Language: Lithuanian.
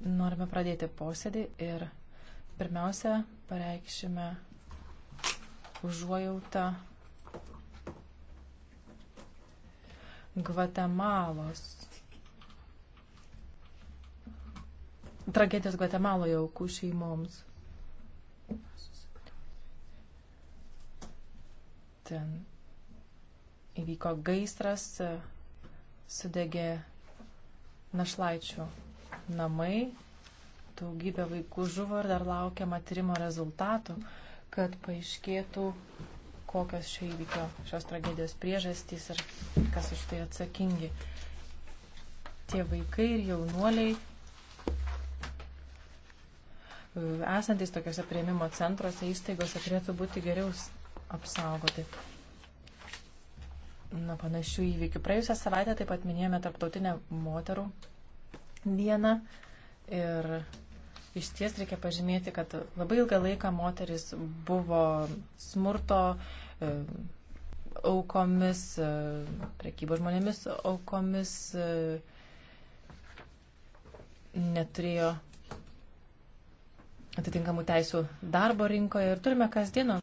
Norime pradėti posėdį ir pirmiausia pareikšime užuojautą Gvatemalos. Tragedijos Gvatemaloje aukų šeimoms. Ten įvyko gaisras, sudegė našlaičių namai, daugybė vaikų žuvo ir dar laukiama tyrimo rezultatų, kad paaiškėtų, kokios šio įvykio, šios tragedijos priežastys ir kas už tai atsakingi. Tie vaikai ir jaunuoliai e, esantis tokiuose prieimimo centruose, įstaigose turėtų būti geriau apsaugoti. Nuo panašių įvykių. Praėjusią savaitę taip pat minėjome tarptautinę moterų dieną. Ir iš ties reikia pažymėti, kad labai ilgą laiką moteris buvo smurto e, aukomis, e, prekybo žmonėmis aukomis, e, neturėjo atitinkamų teisų darbo rinkoje ir turime kasdieną